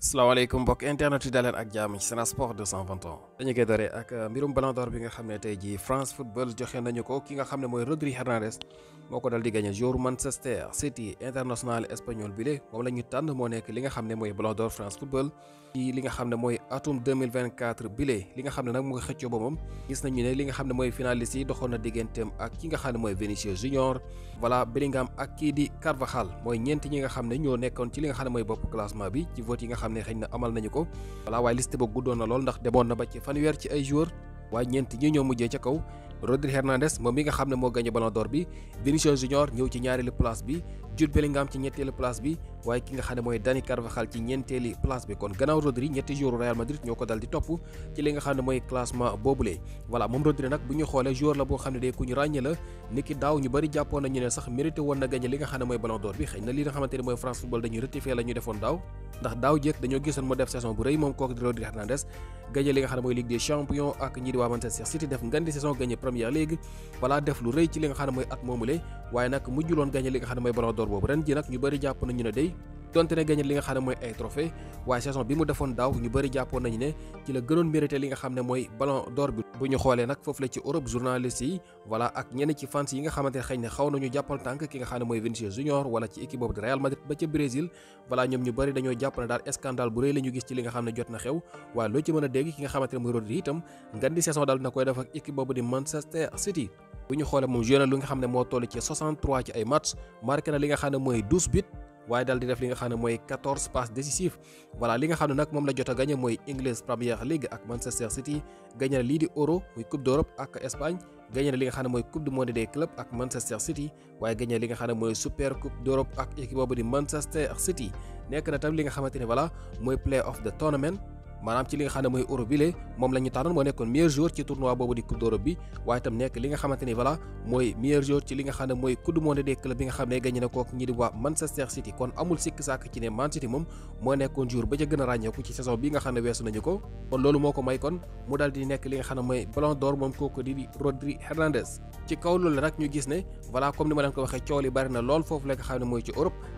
salaamaaleykum mbokk internet yi daleen ak jàmm ci Sen Sport 221 dañu koy doree ak euh, mbirum Ballon d'Or bi nga xam ne tey ji France Football joxe nañu ko ki nga xam ne mooy Rodri Hernandez moo ko dal di gagné joueur Manchester City international espagnol bile moom la ñu tànn moo nekk li nga xam ne mooy Ballon d'Or France Football ci li nga xam ne mooy atum 2024 bile li nga xam ne nag moo ngi xëccoo ba moom gis nañu ne li nga xam ne mooy finaliste yi doxoon na digganteem ak ki nga xam ne mooy Vinicius Junior voilà Bellingham ak kii di Carvajal mooy ñeent ñi nga xam ne ñoo nekkoon ci li nga xam ne mooy bopp classement bi ci vote yi nga xam ne xëy na amal nañu ko voilà waaye liste ba guddoon na lool ndax demoon na ba ci fanweer ci ay joueurs waaye ñeent ñi ñoo mujjee ca kaw Rodri Hernandez moom mi nga xam ne moo gagné Ballon d'Or bi Vinicius ci ñaareelu place bi Jude Bellingham ci ñetteelu place bi waaye ki nga xam ne mooy Dani Carvajal ci ñeenteeli place bi kon gannaaw Rodri ñetti joueur Real Madrid ñoo ko dal di topp ci li nga xam ne mooy classement boobule voilà moom Rodri nag bu ñu xoolee joueur la boo xam ne day ku ñu ràññe la ni daaw ñu bëri jàppoon nañu ne sax mérité woon na gagné li nga xam ne mooy ballon d'or bi xëy na li nga xamante mooy France football dañuy rectifier la ñu defoon daaw waaye nag mujjuloon gagné a nga xam ne mooy ballon d'or boobu ren ji nag ñu bëri jàpp nañu ne day donte ne gagné li nga xam ne mooy ay trophée waaye saison bi mu defoon daaw ñu bëri jàppoon nañu ne ci la gënoon mérité li nga xam ne mooy ballon d'or bi bu ñu xoolee nag foofu la ci Europe journaliste yi voilà ak ñenn ci fans yi nga xamante ne xaw nañu jàppal tànk ki nga xam ne mooy Vinicius Junior wala ci équipe boobu de Real Madrid ba ca Brésil voilà ñoom ñu bëri dañoo jàpp ne daal scandale bu rëy la gis ci li nga xam ne jot na xew waaye loo ci mën a dégg ki waaye daal di def li nga xam ne mooy 14 passes décisives voilà li nga xam ne nag moom la jot a gagné mooy English Premier League ak Manchester City gagné na lii di Euro muy Coupe d'Europe ak Espagne gagné na li nga xam ne mooy Coupe du monde des clubs ak Manchester City waaye gagné li nga xam ne mooy Super Coupe d'Europe ak équipe boobu di Manchester City nekk na tam li nga xamante ne voilà mooy play of the tournament maanaam ci li nga xam ne mooy euro bi le moom la ñu tànnoon moo nekkoon meilleur joueur ci tournoi boobu di coupe d'Europe bi waaye itam nekk li nga xamante ni voilà mooy meilleur joueur ci li nga xam ne mooy coupe du monde des clubs bi nga xam ne gagné na ko ak ñi di waa Manchester City kon amul sikk sàkk ci ne Man City moom moo nekkoon joueur ba ca gën a ràññeeku ci saison bi nga xam ne weesu nañu ko kon loolu moo ko may kon mu daal nekk li nga xam ne mooy ballon d'or moom kooku di Rodri Hernandez ci kaw loolu nag ñu gis ne voilà comme ni ma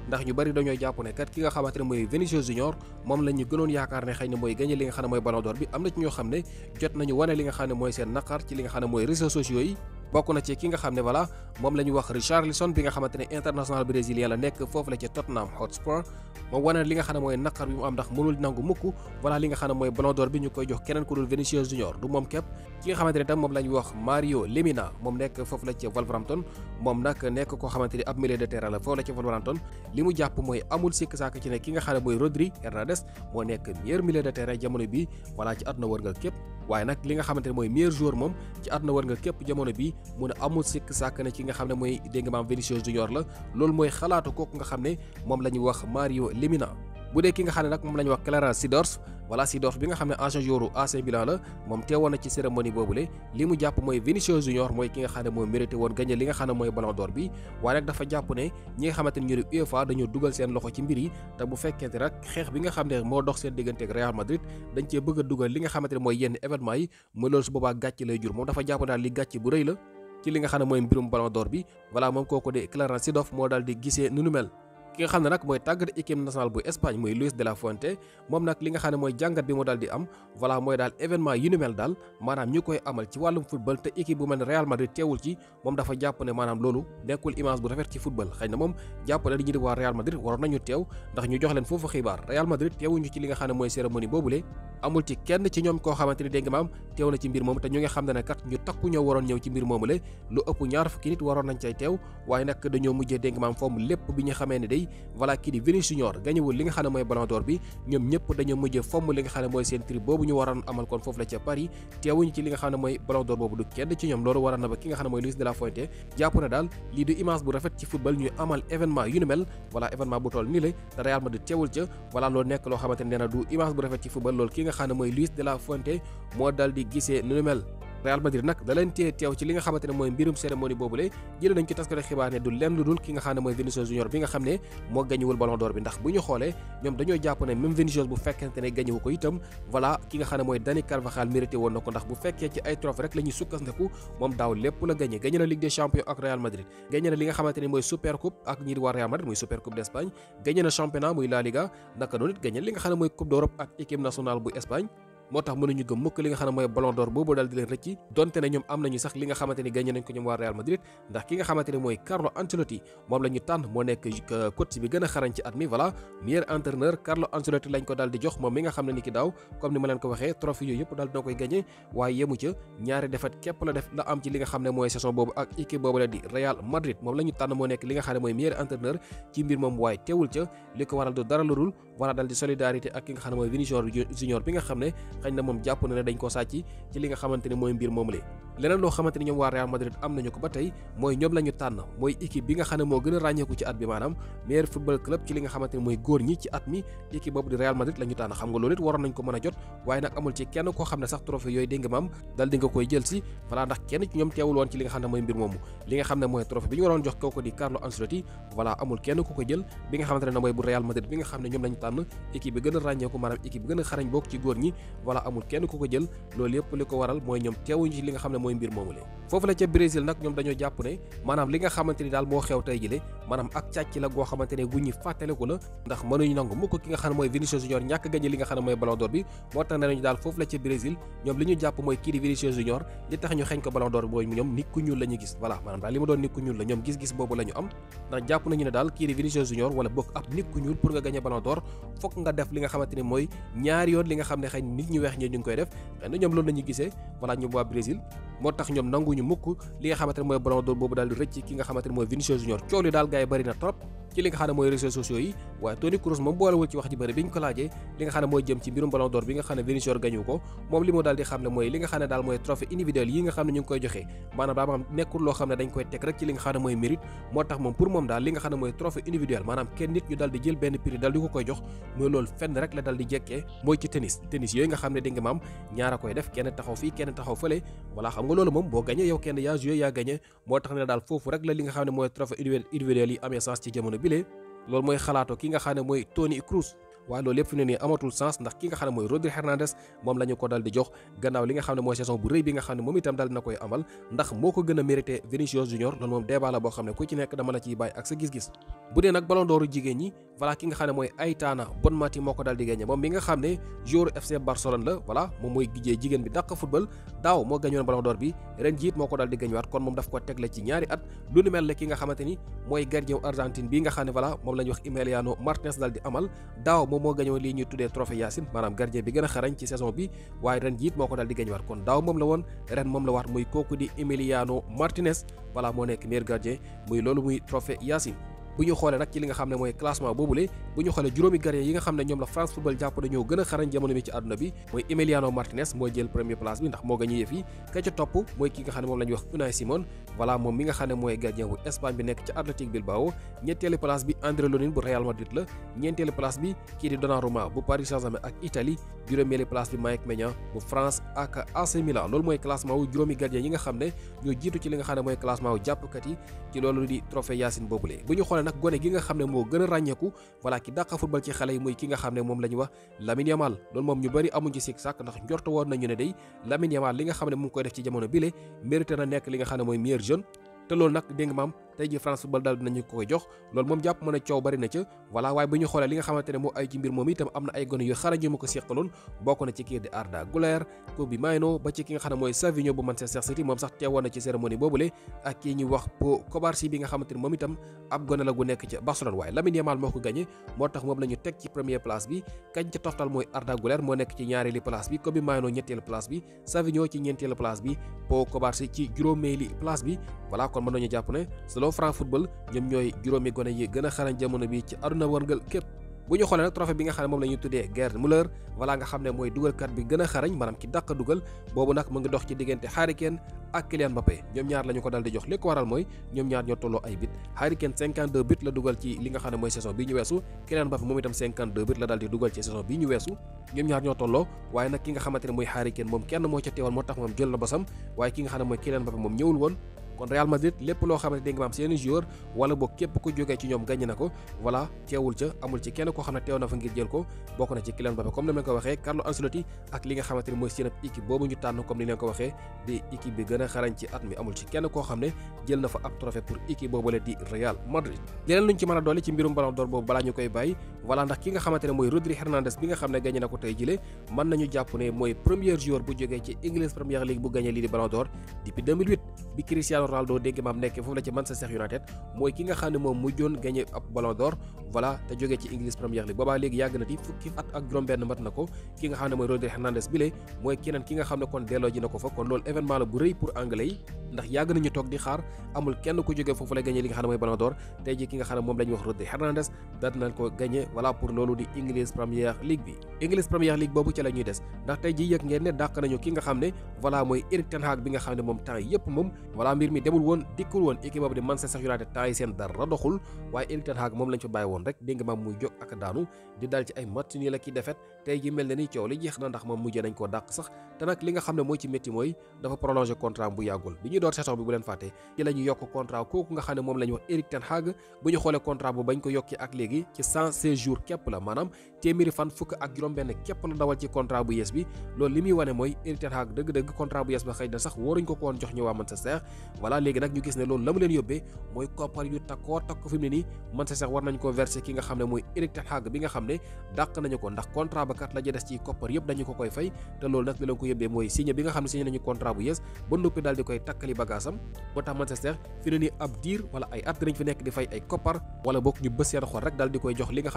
ndax ñu bari dañoo jàpp ne kat ki nga xamante ne mooy Vinicius Junior moom la ñu gënoon yaakaar ne xëy na mooy gagné li nga xam ne mooy Ballon bi am na ci ñoo xam ne jot nañu wane li nga xam ne mooy seen naqar ci li nga xam ne mooy réseaux sociaux yi bokk na ci ki nga xam ne voilà moom la ñu wax Richarlison bi nga xamante ne international brésilien la nekk foofu la ca Tottenham Hotspur moom wane li nga xam ne mooy naqar bi mu am ndax mënul nangu mukk voilà li nga xam ne mooy Ballon d'Or moom koo xamante ni ab milieu de terrain la foofu la mooy amul sikk sàkk ci ne na war xam ne mooy Rodri Hernandez nga xamante ne mooy meilleur joueur moom ci àdduna wërngal képp jamono bi mu ne amul sikk sàkk ne ki nga xam ne mooy dégg nga maam Vinicius Junior la loolu mooy xalaatu kooku nga xam ne moom la ñuy wax Mario Lemina bu dee ki nga xam ne nag moom la ñuy wax Clarence Seedorf voilà Seedorf bi nga xam ne ancien joueur AC Milan la moom teewoon na ci cérémonie boobule li mu jàpp mooy Vinicius Junior mooy ki nga xam ne mooy mérité woon gagné li nga xam ne mooy Ballon d'Or bi waaye nag dafa jàpp ne ñi nga xamante ñu di UEFA dañoo dugal seen loxo ci mbir yi te bu fekkente rek xeex bi nga xam ne moo dox seen diggante ak Real Madrid dañ cee bëgg a dugal li nga xamante ne mooy yenn événement yi mooy loolu su boobaa gàcc ci li nga xam ne mooy mbirum ballon d'or bi voilà moom kooku de Clarence Seedorf moo daal di gisee nu mel ki nga xam ne nag mooy tàggat équipe nationale bu Espagne mooy Luis de la Fuente moom nag li nga xam ne mooy jàngat bi mu daal di am voilà mooy daal événement yu ni mel daal maanaam ñu koy amal ci wàllum football te équipe bu mel Real Madrid teewul ci moom dafa jàpp ne maanaam loolu nekkul image bu rafet ci football xëy na moom jàpp ne li ñu di waa Real Madrid waroon nañu teew ndax ñu jox leen foofu xibaar Real Madrid teewuñu ci li nga xam ne mooy Mbaye voilà kii di Vinicius Junior gañewul li nga xam ne mooy Ballon bi ñoom ñëpp dañoo mujj fomm li nga xam ne mooy seen tri boobu ñu waroon amal kon foofu la ca Paris teewuñu ci li nga xam ne mooy Ballon boobu du kenn ci ñoom loolu waral na ba ki nga xam ne mooy Luis de la Fuente jàpp na daal lii du image bu rafet ci football ñuy amal événement yu ni mel voilà événement bu toll nii la te Real Madrid teewul ca voilà loolu nekk loo xamante ne Real Madrid nag da teew ci li nga xamante mooy mbirum cérémonie boobule jëlee nañ ci taskati xibaar ne du lenn dul ki nga xam mooy Vinicius Junior bi nga xam ne mooy Dani Carvajal mérité woon na ko ndax bu fekkee ci ay trophée rek la ñuy moom daaw lépp la gañe gañe na Ligue des champions ak Real Madrid gañe na li nga xamante mooy super ak ñi waa Real Madrid muy super coupe d'Espagne gañe na championnat muy La Liga naka noonu it gañe li nga xam ne mooy coupe d'Europe ak équipe motax ñu gëm mukk li nga xamne moy ballon d'or bobu dal di leen recc donte na ñom am nañu sax li nga xamanteni gagné nañ ko ñom wa Real Madrid ndax ki nga xamanteni moy Carlo Ancelotti mom lañu tan mo nek euh, coach bi gëna xarañ ci at mi voilà meilleur entraîneur Carlo Ancelotti lañ ko dal di jox mom mi nga xamne niki daw comme ni ma leen ko waxé trophée yoyep dal do koy gagné waye yemu ci ñaari défaite képp la def la am ci li nga xamne moy saison bobu ak équipe bobu la di Real Madrid mom lañu tan mo nek li nga xamne moy meilleur entraîneur ci mbir mom waye teewul ci liko waral do dara lurul war a di solidarité ak ki nga xam ne mooy Vini Junior bi nga xam ne xëy na moom jàpp na ne ko sàcc ci li nga xamante ne mooy mbir moom la leneen loo xamante ni ñoom waa Real Madrid am nañu ko ba tey mooy ñoom la tànn mooy équipe bi nga xam mooy góor ñi ci at mi équipe boobu di Real Madrid la tànn xam nga loolu it waroon nañ ko mën a jot waaye nag amul ci kenn koo xam ne sax trophée yooyu dégg dal di nga koy jël si ndax kenn ci ñoom teewul ci li nga xam ne mooy mbir moomu li nga xam ne mooy trophée bi ñu waroon jox kooku di Carlo Ancelotti voilà amul amul kenn ku mooy mbir moomu le foofu la ca Brésil nag ñoom dañoo jàpp ne maanaam li nga xamante ni daal moo xew tey jile maanaam ak càcc la goo xamante ne gu ñu fàttaliku la ndax mënuñu nangu mukk ki nga xam ne mooy ne mooy Ballon d'Or bi moo tax ne nañu daal foofu jàpp mooy kii di Vinicius Junior li tax ñu xeñ ko Ballon d'Or mooy ñoom nit ku ñuul la ñu gis voilà nañu ne daal kii di Vinicius Junior wala bokk ab nit ku ñuul pour nga gañe Ballon d'Or fokk nga def li nga xamante ni mooy ñaari yoon li nga xam ne xëy nit ñu weex ñi ñu koy def xëy na ñoom loolu la ñu gisee voilà ñoom waa Brésil moo tax ñoom nanguñu mukk li nga xamante mooy ballon boobu daal rëcc ki nga xamante ne mooy Vinicius Junior coow li daal gars yi bëri na trop ci li nga xam ne mooy réseaux sociaux yi waaye Toni Kroos moom boolewul ci wax ji bëri bi ñu ko laajee li nga xam ne mooy jëm ci mbirum ballon d'or bi nga xam ne Vinicius rek li nga xam ne mooy trophée individuel yi amee sens ci jamono bile loolu mooy xalaatu ki nga xam ne mooy Tony Cruz waaye loolu yëpp fi ne nii amatul sens ndax ki nga xam ne mooy Rodri Hernandez moom la ñu ko dal di jox gannaaw li nga xam ne mooy saison bu rëy bi nga xam ne moom itam dal ko nekk dama la ciy bàyyi ak sa gis-gis bu moo ko dal di moom mi nga xam ne joueur FC Barcelone la voilà moom jigéen bi dàq football daaw moo gañoon ballon d'or bi ren ko dal di gañuwaat kon moom daf ko tegle ci ñaari at lu ni mel la ki nga xamante ni mooy gardien Argentine bi nga xam ne voilà moom la ñu wax Emiliano Martinez dal di amal moom moo gañoon lii ñuy tuddee trophée Yacine maanaam gardien bi gën a xarañ ci saison bi waaye ren ji it moo ko daal di gañuwaat kon daaw moom la woon ren moom la waat muy kooku di Emiliano Martinez voilà moo nekk meilleur gardien muy loolu muy trophée Yacine bu xoolee nag ci li nga xam ne mooy classement boobule bu ñu xoolee juróomi gardien yi nga xam ne ñoom la France football jàpp dañoo gën xarañ jamono bi ci àdduna bi mooy Emiliano Martinez mooy jël premier place bi ndax moo gañu yëf yi ka ca topp mooy ki nga xam ne moom la wax Unai Simon voilà moom mi nga xam ne mooy gardien bu Espagne bi nekk ci Athletic Bilbao ñetteelu place bi André Lonin bu Real Madrid la ñeenteelu place bi nak gua gone gi nga xamné mo gëna ragnéku wala ki dàqa football ci xalé moy ki nga xamné mom lañ wax Lamine Yamal lool mom ñu bari amuñ ci sik sak ndax njort woon nañu né day Lamine Yamal li nga xamné mu ngi koy def ci jamono bile mérité na nek li nga xamné moy meilleur jeune té lool nak déng mam tey ji France Football daal dinañu ko koy jox loolu moom jàpp mën a coow bari na ca voilà waaye bu ñu xoolee li nga xamante ne moo ay ci mbir moom itam am na ay gone yu xarañ yu ma ko seqaloon bokk na ci kii di Arda Güler Kobbie Mainoo ba ci ki nga xam ne mooy Savinho bu Manchester City moom sax teewoon na ci cérémonie itam ab gone la nekk ca Barcelone waaye Lamine Yamal moo ko gagné moo tax moom la teg ci première place bi kañ ca toftal mooy Arda Güler moo nekk ci ñaareeli place bi Kobbie Mainoo ñetteelu selon Franc Football ñoom a xarañ bi ci àdduna wërngal képp bu ñu xoolee nag trophée bi nga xam ne moom la ñuy tuddee Gerd Müller voilà nga xam ne mooy dugalkat bi gën a xarañ maanaam ki dàq dugal boobu nag mu ngi dox ci diggante Harry Kane ak Kylian Mbappé ñoom ñaar mooy ñoom ñaar ñoo tolloo ay bit Harry Kane 52 bit la dugal ci li nga xam ne mooy saison bi moom itam 52 bit la dal di dugal ci saison bi waaye ki nga xamante mooy Harry Kane moom kenn moo ca teewal moo tax moom jël la bosam waaye ki nga xam mooy Kylian Mbappé moom ñëwul woon kon Real Madrid lépp loo xam ne dégg nga maam seeni joueur wala boog képp ku jógee ci ñoom gàññ na ko voilà teewul ca amul ci kenn koo xam ne teew na fa ngir jël ko bokk na ci Kylian Mbappé comme ni ma leen ko waxee Carlo Ancelotti ak li nga xamante ni mooy seen ab boobu ñu tànn comme ni leen ko waxee di équipe bi gën xarañ ci at mi amul ci kenn koo xam ne jël na fa ab trophée pour équipe boobale di Real Madrid leneen luñ ci mën a ci mbirum Ballon ne mooy Rodri Hernandez bi nga xam ne gàññ na ko tey Ronaldo dégg maam nekk foofu la ci Manchester United mooy ki nga xam ne moom mujjoon gagné ab ballon d'or voilà te jógee ci English Premier League boobu ci la des ndax tey ji yëg ngeen ne dàq nañu ki nga xam ne voilà mooy Erik ten bi nga xam ne moom temps yëpp moom voilà mbir mi demul woon dikkul woon équipe boobu di Manchester United temps yi seen dara doxul waaye Erik moom lañ fa bàyyi woon rek dégg nga maam muy jóg ak daanu di dal ci ay match nii la ki defet tey ji mel na ni coow li jeex na ndax moom mujjee nañ koo dàq sax te nag li nga xam ne mooy ci métti mooy dafa prolongé contrat bu yàggul bi ñuy door saison bi bu leen fàtte ci ñu yokk contrat kooku nga xam ne moom la ñu wax Erik ten Hag bu ñu xoolee contrat bañ ko yokki ak léegi ci 116 jours képp la maanaam téeméeri fan fukk ak juróom-benn képp la dawal ci contrat bu bi loolu li muy wane mooy Erik ten Hag dëgg-dëgg contrat voilà léegi nag ñu gis ne loolu la mu leen yóbbee mooy koppar yu takkoo takk fi ne nii man sa sax war nañ ko verser ki nga xam ne mooy Eric Ten Hag bi nga xam ne dàq nañu ko ndax contrat ba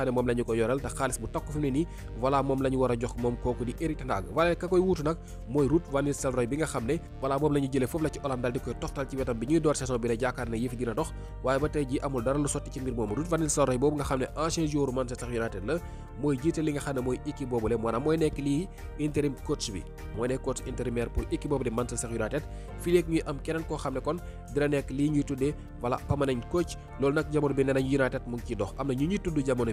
ne moom la ñu ko yoral te xaalis bu takk fi ne nii voilà moom la ñu a jox moom kooku di Eric Ten Hag ka koy wuutu nag mooy Ruud van Nistelrooy bi nga xam ne voilà moom la ñu foofu la ci Hollande daal di koy toxtal ci ci wetam bi ñuy door saison bi la jaakaar ne yëfi dina dox waaye ba tey ji amul dara lu sotti ci mbir moomu Ruud van Nistelrooy boobu nga xam ne ancien joueur Manchester United la mooy jiite li nga xam ne mooy nekk lii interim coach bi mooy nekk coach intérimaire pour équipe boobu de Manchester United fii ñuy am keneen koo xam ne kon dina nekk lii ñuy tuddee voilà permanent coach loolu nag jamono bi nee United mu ngi ciy dox am na ñu ñuy tudd jamono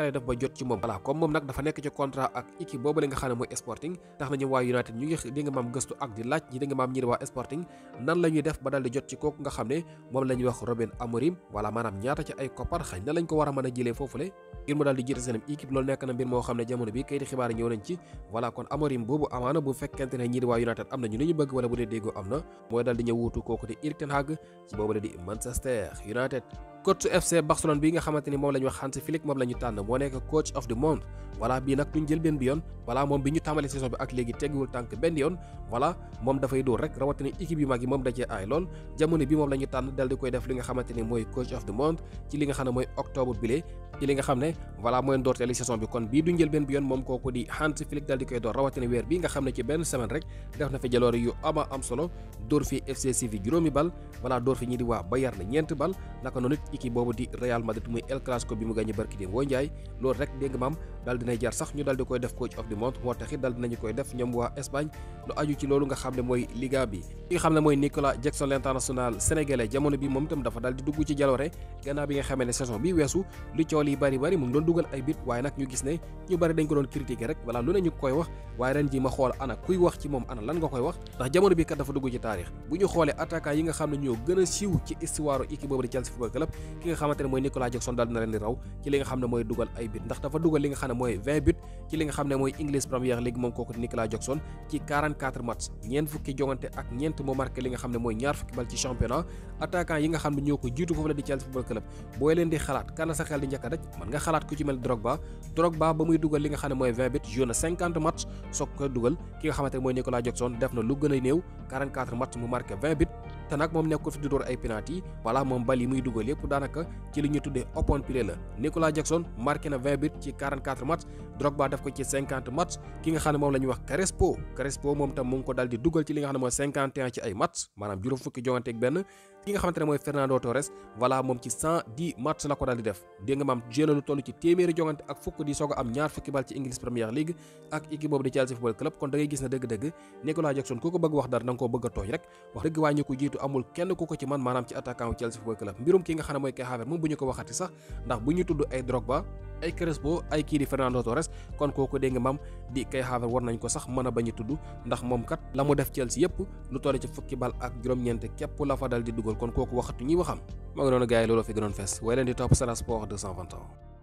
kale dafa nah, jot ci mom wala comme mom nak dafa nek ci contrat ak équipe bobu li nga xamne moy sporting tax nañu wa united ñu yex di nga mam gëstu ak di laaj di nga mam ñir wa sporting nan lañuy def ba dal di jot ci kok nga xamne mom lañuy wax robin amorim wala manam ñaata ci ay copar xañ na lañ ko wara mëna jilé fofu jëlee ngir mu di jité seen équipe lool nek na mbir mo xamne jamono bi kayiti xibaar ñew nañ ci wala kon amorim bobu amana bu fekkante ne ñir wa united amna ñu ñu bëgg wala bu dé dégo amna moy dal di ñewutu wuutu di irten Hag ci boobu di Manchester United coach FC Barcelone bi nga xamanteni mom moom wax Hansi Flick mom lañu tan mo nek coach of the month wala bi nak duñ jël ben bi yon wala mom bi ñu tàmbali saison bi ak téggul tank ben yon wala mom da fay do rek rawatini équipe yu magi mom da ci ay lool jamono bi mom lañu tan dal di koy def li nga xamanteni moy coach of the month ci li nga xam moy mooy octobre bile ci li nga xam wala moy ndorté li saison bi kon bi duñ jël ben bi yon mom koku di Hansi Flick dal di koy do rawatini weer bi nga xam ci ben semaine rek def na fi jëlor yu ama am solo dor fi FC Séville juromi bal wala dor fi ñi di wa Bayern ñent bal naka noonu iki bobu di Real Madrid muy El Clasico bi mu gagné barki dem woo Ndiaye loolu rek dégg mam dal jaar sax ñu dal di koy def coach of the month moo taxit dal dinañ koy def ñom wa Espagne lu aju ci loolu nga xam moy Liga bi li moy Nicolas Jackson l'international sénégalais jamono bi mom tam dafa dal di dugg ci jaloore gannaaw bi nga xamee saison bi wessu lu cioli bari bari mu ngi doon dugal ay bit waye nak ñu gis ne ñu bari dañ ko doon critiquer rek wala lu ne koy wax waye ren ji ma xol ana kuy wax ci mom ana lan nga koy wax ndax jamono bi ka dafa dugg ci taarix bu ñu xolé attaquant yi nga ñoo gëna siiw ci histoire équipe Chelsea Football Club ki nga xamante ne mooy Nicolas Jackson daal dina leen di raw ci li nga xam ne mooy dugal ay but ndax dafa dugal li nga xam ne mooy 20 but ci li nga xam ne mooy English Premier League moom kooku di Jackson ci 44 matchs ñeent a daj mën dugal ki nga xamante ne mooy Nicolas Jackson def na lu gën a néew 44 matchs mu marqué te nag moom nekkul fi di door ay penalty voilà moom bal yi muy dugal yëpp daanaka ci li ñu tuddee open play la Nicolas Jackson marqué na 20 buts ci 44 matchs Drogba def ko ci 50 matchs ki nga xam ne moom la ñuy wax Crespo Crespo moom tam mu ngi ko daldi dugal ci li nga xam ne mooy 51 ci ay matchs maanaam juróom fukki jongante ak benn ki nga xamante ne mooy Fernando Torres voilà moom ci 110 match la ko daal di def dégg nga maam jéem lu toll ci téeméeri jongante ak fukk di soog a am ñaar fukki bal ci English Premier League ak équipe di Chelsea Football Club kon da gis na dëgg-dëgg Nicolas Jackson ku ko bëgg wax dara da nga koo bëgg a rek wax dëgg waaye ñu ko jiitu amul kenn ku ko ci man maanaam ci attaquant Chelsea Football Club mbirum ki nga xam ne mooy Kai Havertz bu ñu ko waxati sax ndax bu ñu tudd ay ay Crespo ay kii di Fernando Torres kon kooku dégg nga maam di Kai Havertz war nañ ko sax mën a bañ a tudd ndax moom kat la mu def Chelsea yëpp lu toll ci fukki bal ak juróom-ñeent képp la fa dal di dugal kon kooku waxatu ñuy waxam moo ngi doon gars yi looloo fi gënoon fees way leen di topp Sen Sports 221